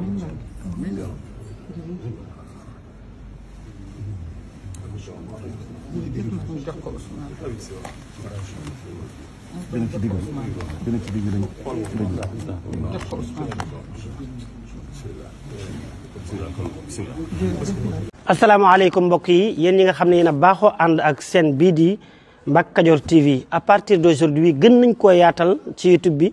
million. jox mbokk yi yéen yi nga xam ne yéen a baaxoo ànd ak seen bii di Mbacke Kadior TV à partir d'aujourd'hui gën nañ koo yaatal ci YouTube bi.